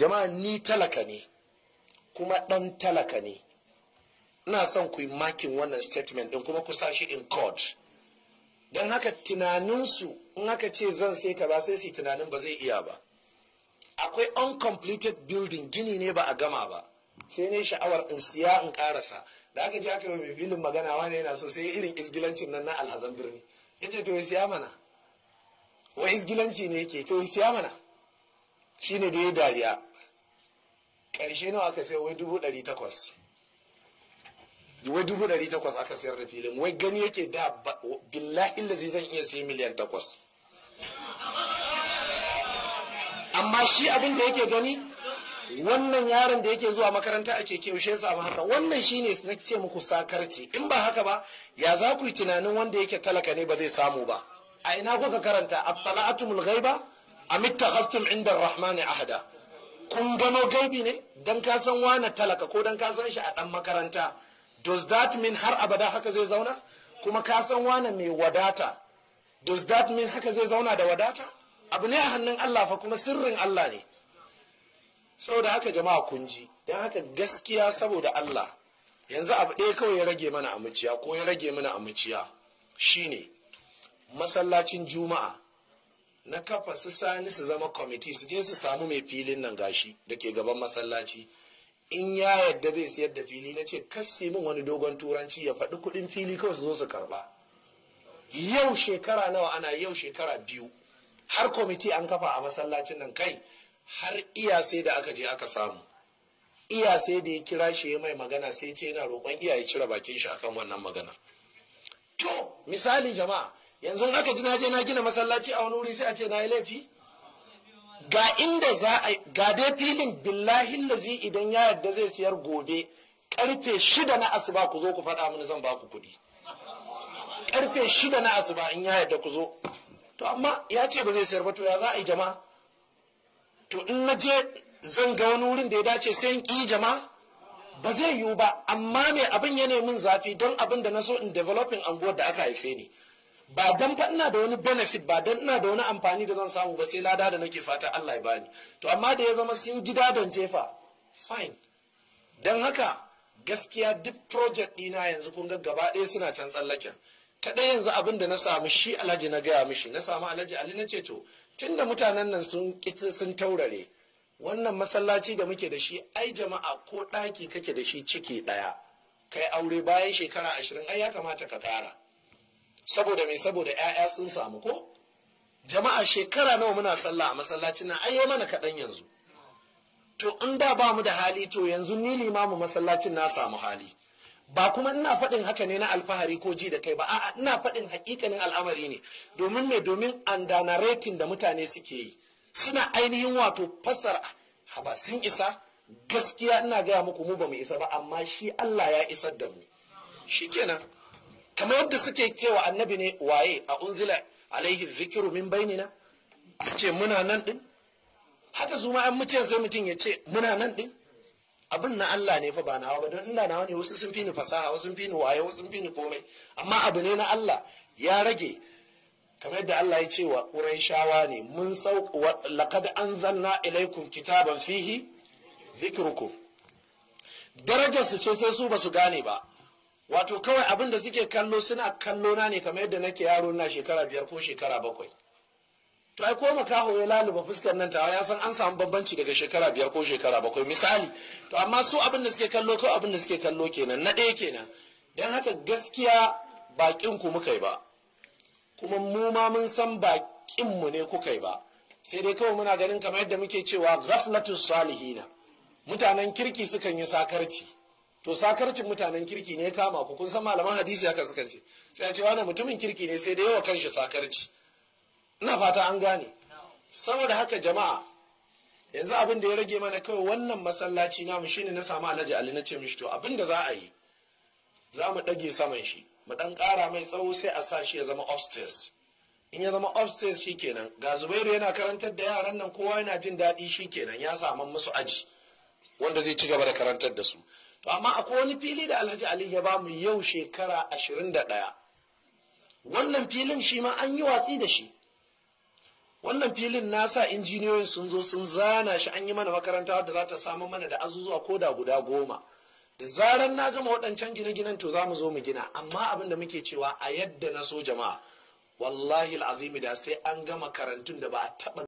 jama'a ni talaka ne kuma ɗan talaka ne ina son ku yi makin wannan statement ɗin kuma ku shi in court. don haka tunaninsu in aka ce zan sai ka ba sai su tunanin ba zai iya ba akwai uncompleted building gini ne ba a gama ba sai ne sha'awar in siya in karasa da aka je aka yi mai filin magana wani yana so sai irin isgilancin nan na alhazan birni ya ce to ya siya mana wa isgilanci ne yake to ya siya mana shine da ya dariya ƙarshe nawa aka sayar wai dubu ɗari takwas wai dubu ɗari takwas aka sayar da filin wai gani yake da billahi da zai iya sayi miliyan takwas amma shi abin da yake gani wannan yaron da yake zuwa makaranta ake kyaushe sa ba haka wannan shine na ce muku sakarci in ba haka ba ya za ku yi tunanin wanda yake talaka ne ba zai samu ba a ina kuka karanta at-tala'atumul ghaiba amitta khastum inda rahmani ahada kun gano gaibi ne dan ka san wani talaka ko dan ka san shi a dan makaranta does that mean har abada haka zai zauna kuma ka san wani mai wadata does that mean haka zai zauna da wadata abu ne a hannun Allah fa kuma sirrin Allah ne saboda haka jama'a kun ji Dan haka gaskiya saboda Allah yanzu abu ɗaya kawai ya rage mana a ko ya rage mana amuciya shine masallacin juma'a na kafa su sani su zama kwamiti su je su samu mai filin nan gashi da ke gaban masallaci in ya yadda zai siyar da fili na ce kasse min wani dogon turanci ya faɗi kuɗin fili kawai su zo su karɓa yau shekara nawa ana yau shekara biyu har kwamiti an kafa a masallacin nan kai har iya sai da aka je aka samu iya sai da ya kira shi ya mai magana sai ce yana roƙon iya ya cire bakin shi akan wannan magana to misali jama'a yanzu aka ji na je na gina masallaci a wani wuri sai a ce na yi laifi ga inda za a ga dai filin billahi lazi idan ya yarda zai siyar gobe karfe shida na asuba ku zo ku faɗa mini zan ba ku kuɗi karfe shida na asuba in ya yarda ku zo to amma ya ce ba zai siyar ba to ya za a yi jama'a to in na je zan ga wani wurin da ya dace sai in ƙi jama'a ba zai yiwu ba amma mai abin ya min zafi don abin da na so in developing anguwar da aka haife ni ba dan fa ina da wani benefit ba dan ina da wani amfani da zan samu ba sai lada da nake fata Allah ya bani to amma da ya zama sun gida don jefa fine dan haka gaskiya duk project dina yanzu kun ga gaba ɗaya suna can tsallaken kaɗai yanzu abin da na samu shi alhaji na gaya mishi na samu alhaji ali na ce to tunda mutanen nan sun sun taurare wannan masallaci da muke da shi ai jama'a ko ɗaki kake da shi ciki ɗaya kai aure bayan shekara ashirin ai ya kamata ka ƙara saboda mai saboda 'ya'ya sun samu ko jama'a shekara nawa muna sallah a masallacin na? ai mana kaɗan yanzu to in da ba mu da hali to yanzu ni limamu masallacin na samu hali ba kuma ina faɗin haka ne na alfahari ko ji da kai ba a'a ina faɗin hakikanin al'amari ne domin me domin andanaratin da mutane suke yi suna ainihin wato fasar haba sun isa gaskiya ina gaya muku mu ba mu isa ba amma shi Allah ya isar da mu shikenan kamar yadda suke cewa annabi ne waye a unzila alaihi zikiru min bainina suke muna nan din haka su ma an muce sai mutum ya ce muna nan din abin na Allah ne fa ba nawa ba don ina nawa ne wasu sun fi ni fasaha wasu sun fi ni waye wasu sun fi ni komai amma abu ne na Allah ya rage kamar yadda Allah ya ce wa shawa ne mun sauka laqad anzalna ilaikum kitaban fihi zikrukum darajar su ce sai su ba su gane ba wato kawai abin da suke kallo suna kallo na ne kamar yadda nake yaro na shekara biyar ko shekara bakwai to ai ko makaho ya laluba fuskar nan tawa ya san an samu bambanci daga shekara biyar ko shekara bakwai misali to amma su abin da suke kallo kawai abin da suke kallo kenan na ɗaya kenan don haka gaskiya bakin ku muka yi ba kuma mu ma mun san bakin mu ne kuka yi ba sai dai kawai muna ganin kamar yadda muke cewa ghaflatus salihina mutanen kirki sukan yi sakarci to sakarcin mutanen kirki ne kama ku kun san malaman hadisi haka suka ce sai a ce wani mutumin kirki ne sai da yawa kanshi sakarci ina fata an gane saboda haka jama'a yanzu abin da ya rage mana kawai wannan masallaci namu shine na samu alhaji ali na ce mishi to abin da za a yi za mu ɗage saman shi mu ɗan ƙara mai tsawo sai a sa shi ya zama upstairs in ya zama upstairs shi kenan ga zubairu yana karantar da yaran nan kowa yana jin daɗi shi kenan ya samu musu aji wanda zai ci gaba da karantar da su to amma akwai wani fili da alhaji ali ya ba mu yau shekara ashirin da ɗaya wannan filin shi ma an yi watsi da shi wannan filin na sa injiniyoyin sun zo sun zana shi an yi mana makaranta da za ta samu mana da azuzuwa ko da guda goma da zaran na gama waɗancan gine-ginen to za mu zo mu gina amma abin da muke cewa a yadda na so jama'a wallahi al'azimi da sai an gama karantun da ba a taɓa